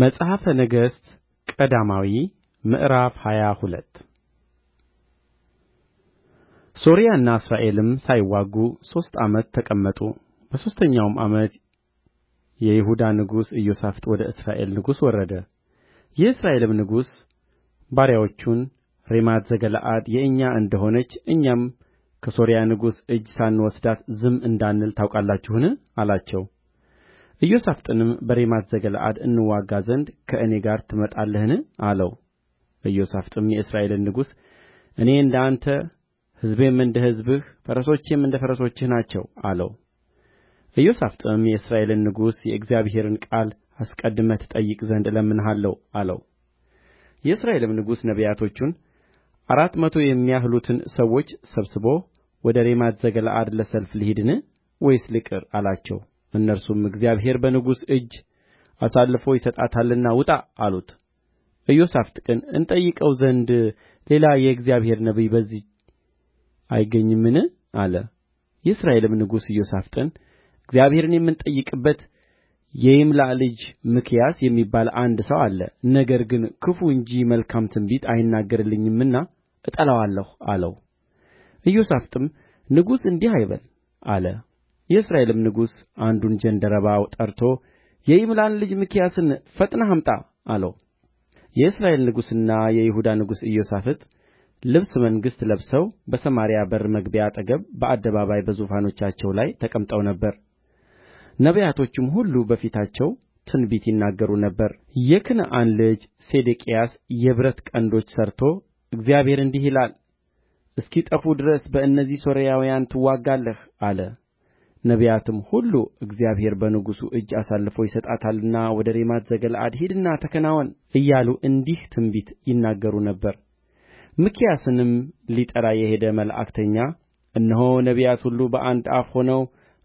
መጽሐፈ ነገሥት ቀዳማዊ ምዕራፍ ሃያ ሁለት ሶርያና እስራኤልም ሳይዋጉ ሦስት ዓመት ተቀመጡ በሦስተኛውም ዓመት የይሁዳ ንጉሥ ኢዮሣፍጥ ወደ እስራኤል ንጉሥ ወረደ የእስራኤልም ንጉሥ ባሪያዎቹን ሬማት ዘገለዓድ የእኛ እንደሆነች እኛም ከሶርያ ንጉሥ እጅ ሳንወስዳት ዝም እንዳልን ታውቃላችሁን አላቸው ኢዮሣፍጥንም በሬማት ዘገለዓድ እንዋጋ ዘንድ ከእኔ ጋር ትመጣለህን አለው ኢዮሣፍጥም የእስራኤልን ንጉሥ እኔ እንደ አንተ ሕዝቤም እንደ ሕዝብህ ፈረሶቼም እንደ ፈረሶችህ ናቸው አለው ኢዮሣፍጥም የእስራኤልን ንጉሥ የእግዚአብሔርን ቃል አስቀድመህ ትጠይቅ ዘንድ እለምንሃለሁ አለው የእስራኤልም ንጉሥ ነቢያቶቹን አራት መቶ የሚያህሉትን ሰዎች ሰብስቦ ወደ ሬማት ዘገለዓድ ለሰልፍ ልሂድን ወይስ ልቅር አላቸው እነርሱም እግዚአብሔር በንጉሡ እጅ አሳልፎ ይሰጣታልና ውጣ አሉት ኢዮሣፍጥ ግን እንጠይቀው ዘንድ ሌላ የእግዚአብሔር ነቢይ በዚህ አይገኝምን አለ የእስራኤልም ንጉሥ ኢዮሣፍጥን እግዚአብሔርን የምንጠይቅበት የይምላ ልጅ ሚክያስ የሚባል አንድ ሰው አለ ነገር ግን ክፉ እንጂ መልካም ትንቢት አይናገርልኝምና እጠላዋለሁ አለው ኢዮሣፍጥም ንጉሥ እንዲህ አይበል አለ የእስራኤልም ንጉሥ አንዱን ጃንደረባ ጠርቶ የይምላን ልጅ ሚክያስን ፈጥነህ አምጣ አለው የእስራኤል ንጉሥና የይሁዳ ንጉሥ ኢዮሣፍጥ ልብሰ መንግሥት ለብሰው በሰማርያ በር መግቢያ አጠገብ በአደባባይ በዙፋኖቻቸው ላይ ተቀምጠው ነበር ነቢያቶቹም ሁሉ በፊታቸው ትንቢት ይናገሩ ነበር የክንዓና ልጅ ሴዴቅያስ የብረት ቀንዶች ሠርቶ እግዚአብሔር እንዲህ ይላል እስኪጠፉ ድረስ በእነዚህ ሶርያውያን ትዋጋለህ አለ ነቢያትም ሁሉ እግዚአብሔር በንጉሡ እጅ አሳልፎ ይሰጣታልና ወደ ሬማት ዘገለዓድ ሂድና ተከናወን እያሉ እንዲህ ትንቢት ይናገሩ ነበር ሚክያስንም ሊጠራ የሄደ መልእክተኛ እነሆ ነቢያት ሁሉ በአንድ አፍ ሆነው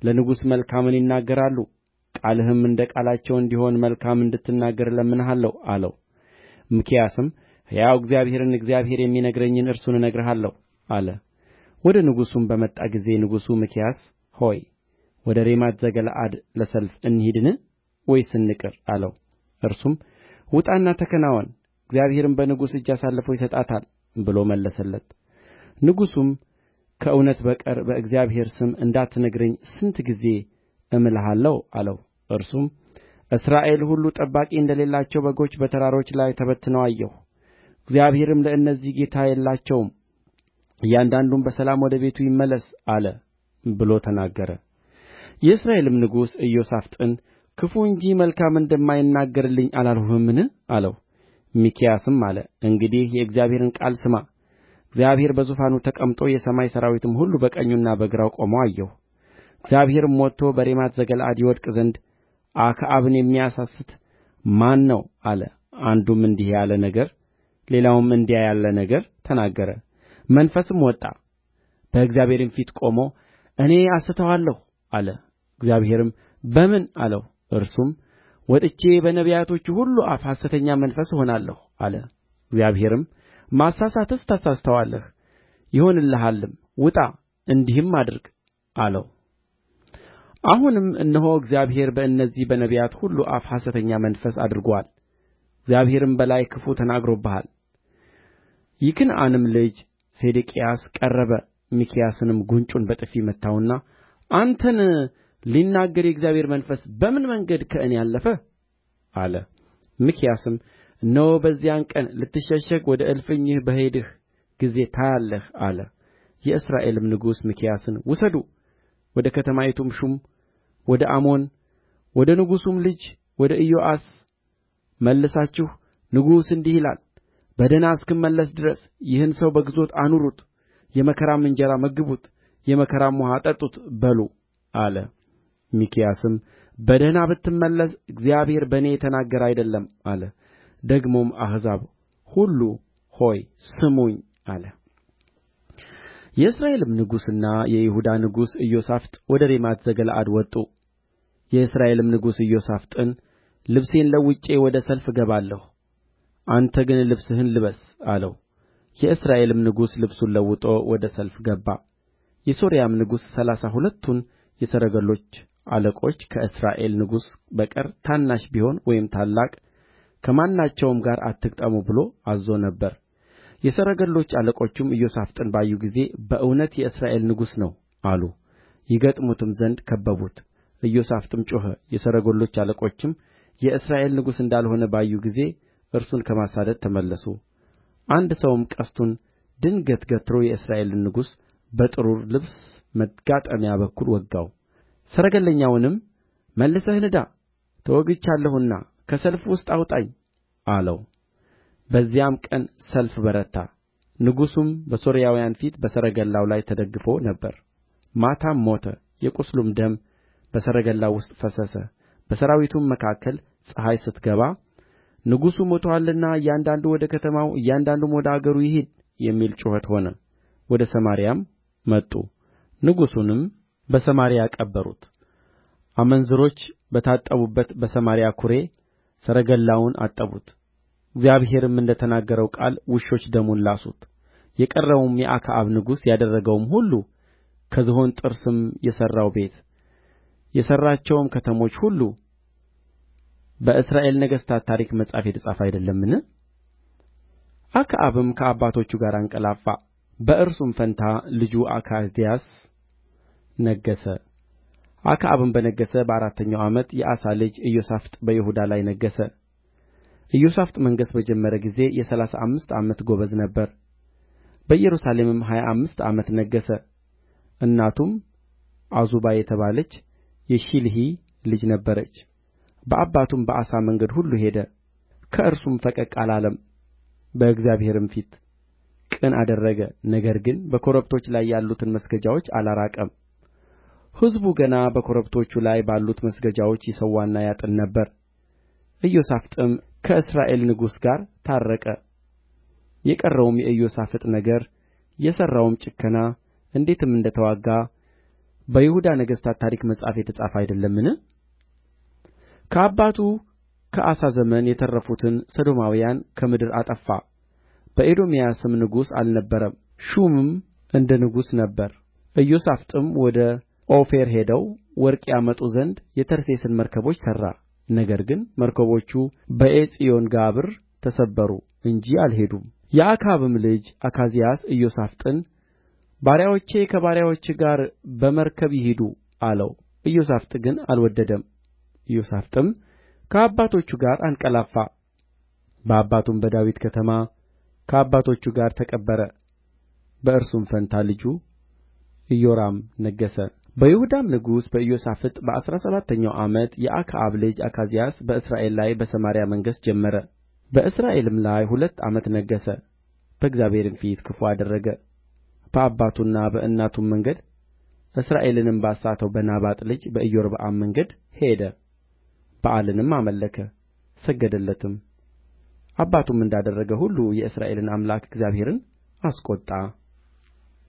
ለንጉሡ መልካምን ይናገራሉ ቃልህም እንደ ቃላቸው እንዲሆን መልካም እንድትናገር እለምንሃለሁ አለው ሚክያስም ሕያው እግዚአብሔርን እግዚአብሔር የሚነግረኝን እርሱን እነግርሃለሁ አለ ወደ ንጉሡም በመጣ ጊዜ ንጉሡ ሚክያስ ሆይ ወደ ሬማት ዘገለዓድ ለሰልፍ እንሂድን ወይስ እንቅር አለው እርሱም ውጣና ተከናወን እግዚአብሔርም በንጉሡ እጅ አሳልፎ ይሰጣታል ብሎ መለሰለት ንጉሡም ከእውነት በቀር በእግዚአብሔር ስም እንዳትነግረኝ ስንት ጊዜ እምልሃለሁ አለው እርሱም እስራኤል ሁሉ ጠባቂ እንደሌላቸው በጎች በተራሮች ላይ ተበትነው አየሁ እግዚአብሔርም ለእነዚህ ጌታ የላቸውም እያንዳንዱም በሰላም ወደ ቤቱ ይመለስ አለ ብሎ ተናገረ የእስራኤልም ንጉሥ ኢዮሣፍጥን ክፉ እንጂ መልካም እንደማይናገርልኝ አላልሁህምን አለው ሚክያስም አለ እንግዲህ የእግዚአብሔርን ቃል ስማ እግዚአብሔር በዙፋኑ ተቀምጦ የሰማይ ሠራዊትም ሁሉ በቀኙና በግራው ቆመው አየሁ እግዚአብሔርም ወጥቶ በሬማት ዘገለዓድ ይወድቅ ዘንድ አክዓብን የሚያሳስት ማን ነው አለ አንዱም እንዲህ ያለ ነገር ሌላውም እንዲያ ያለ ነገር ተናገረ መንፈስም ወጣ በእግዚአብሔርም ፊት ቆሞ እኔ አሳስተዋለሁ አለ እግዚአብሔርም በምን አለው እርሱም ወጥቼ በነቢያቶቹ ሁሉ አፍ ሐሰተኛ መንፈስ እሆናለሁ አለ እግዚአብሔርም ማሳሳትስ ታሳስተዋለህ ይሆንልሃልም ውጣ እንዲህም አድርግ አለው አሁንም እነሆ እግዚአብሔር በእነዚህ በነቢያት ሁሉ አፍ ሐሰተኛ መንፈስ አድርጎአል እግዚአብሔርም በላይ ክፉ ተናግሮብሃል የክንዓናም ልጅ ሴዴቅያስ ቀረበ ሚክያስንም ጕንጩን በጥፊ መታውና አንተን ሊናገር የእግዚአብሔር መንፈስ በምን መንገድ ከእኔ አለፈ አለ ሚክያስም እነሆ በዚያን ቀን ልትሸሸግ ወደ እልፍኝህ በሄድህ ጊዜ ታያለህ አለ የእስራኤልም ንጉሥ ሚክያስን ውሰዱ ወደ ከተማይቱም ሹም ወደ አሞን ወደ ንጉሡም ልጅ ወደ ኢዮአስ መልሳችሁ ንጉሡ እንዲህ ይላል በደኅና እስክመለስ ድረስ ይህን ሰው በግዞት አኑሩት የመከራም እንጀራ መግቡት የመከራም ውኃ አጠጡት በሉ አለ ሚክያስም በደህና ብትመለስ እግዚአብሔር በእኔ የተናገረ አይደለም አለ ደግሞም አሕዛብ ሁሉ ሆይ ስሙኝ አለ የእስራኤልም ንጉሥና የይሁዳ ንጉሥ ኢዮሣፍጥ ወደ ሬማት ዘገለዓድ ወጡ የእስራኤልም ንጉሥ ኢዮሣፍጥን ልብሴን ለውጬ ወደ ሰልፍ እገባለሁ አንተ ግን ልብስህን ልበስ አለው የእስራኤልም ንጉሥ ልብሱን ለውጦ ወደ ሰልፍ ገባ የሶርያም ንጉሥ ሠላሳ ሁለቱን የሰረገሎች አለቆች ከእስራኤል ንጉሥ በቀር ታናሽ ቢሆን ወይም ታላቅ ከማናቸውም ጋር አትግጠሙ ብሎ አዝዞ ነበር የሰረገሎች አለቆችም ኢዮሣፍጥን ባዩ ጊዜ በእውነት የእስራኤል ንጉሥ ነው አሉ ይገጥሙትም ዘንድ ከበቡት ኢዮሣፍጥም ጮኸ የሰረገሎች አለቆችም የእስራኤል ንጉሥ እንዳልሆነ ባዩ ጊዜ እርሱን ከማሳደድ ተመለሱ አንድ ሰውም ቀስቱን ድንገት ገትሮ የእስራኤልን ንጉሥ በጥሩር ልብስ መጋጠሚያ በኩል ወጋው ሰረገለኛውንም መልሰህ ንዳ ተወግቻለሁና ከሰልፍ ውስጥ አውጣኝ አለው በዚያም ቀን ሰልፍ በረታ ንጉሡም በሶርያውያን ፊት በሰረገላው ላይ ተደግፎ ነበር ማታም ሞተ የቍስሉም ደም በሰረገላው ውስጥ ፈሰሰ በሠራዊቱም መካከል ፀሐይ ስትገባ ንጉሡ ሞቶአልና እያንዳንዱ ወደ ከተማው እያንዳንዱም ወደ አገሩ ይሂድ የሚል ጩኸት ሆነ ወደ ሰማርያም መጡ ንጉሡንም በሰማርያ ቀበሩት አመንዝሮች በታጠቡበት በሰማርያ ኵሬ ሰረገላውን አጠቡት እግዚአብሔርም እንደ ተናገረው ቃል ውሾች ደሙን ላሱት የቀረውም የአክዓብ ንጉሥ ያደረገውም ሁሉ ከዝሆን ጥርስም የሠራው ቤት የሠራቸውም ከተሞች ሁሉ በእስራኤል ነገሥታት ታሪክ መጽሐፍ የተጻፈ አይደለምን አክዓብም ከአባቶቹ ጋር አንቀላፋ በእርሱም ፋንታ ልጁ አካዝያስ ነገሠ አክዓብም በነገሠ በአራተኛው ዓመት የአሳ ልጅ ኢዮሣፍጥ በይሁዳ ላይ ነገሠ ኢዮሣፍጥ መንገሥ በጀመረ ጊዜ የሠላሳ አምስት ዓመት ጎበዝ ነበረ በኢየሩሳሌምም ሀያ አምስት ዓመት ነገሠ እናቱም ዓዙባ የተባለች የሺልሒ ልጅ ነበረች በአባቱም በአሳ መንገድ ሁሉ ሄደ ከእርሱም ፈቀቅ አላለም በእግዚአብሔርም ፊት ቅን አደረገ ነገር ግን በኮረብቶች ላይ ያሉትን መስገጃዎች አላራቀም ሕዝቡ ገና በኮረብቶቹ ላይ ባሉት መስገጃዎች ይሠዋና ያጥን ነበር ኢዮሣፍጥም ከእስራኤል ንጉሥ ጋር ታረቀ የቀረውም የኢዮሣፍጥ ነገር የሠራውም ጭከና እንዴትም እንደ ተዋጋ በይሁዳ ነገሥታት ታሪክ መጽሐፍ የተጻፈ አይደለምን ከአባቱ ከአሳ ዘመን የተረፉትን ሰዶማውያን ከምድር አጠፋ በኤዶምያስም ንጉሥ አልነበረም ሹምም እንደ ንጉሥ ነበረ ኢዮሣፍጥም ወደ ኦፊር ሄደው ወርቅ ያመጡ ዘንድ የተርሴስን መርከቦች ሠራ ነገር ግን መርከቦቹ በዔጽዮንጋብር ተሰበሩ እንጂ አልሄዱም የአክዓብም ልጅ አካዝያስ ኢዮሣፍጥን ባሪያዎቼ ከባሪያዎችህ ጋር በመርከብ ይሂዱ አለው ኢዮሣፍጥ ግን አልወደደም ኢዮሣፍጥም ከአባቶቹ ጋር አንቀላፋ በአባቱም በዳዊት ከተማ ከአባቶቹ ጋር ተቀበረ በእርሱም ፋንታ ልጁ ኢዮራም ነገሠ በይሁዳም ንጉሥ በኢዮሣፍጥ በአሥራ ሰባተኛው ዓመት የአክዓብ ልጅ አካዝያስ በእስራኤል ላይ በሰማርያ መንገሥ ጀመረ በእስራኤልም ላይ ሁለት ዓመት ነገሠ በእግዚአብሔርም ፊት ክፉ አደረገ በአባቱና በእናቱም መንገድ እስራኤልንም ባሳተው በናባጥ ልጅ በኢዮርብዓም መንገድ ሄደ በኣልንም አመለከ ሰገደለትም አባቱም እንዳደረገ ሁሉ የእስራኤልን አምላክ እግዚአብሔርን አስቈጣ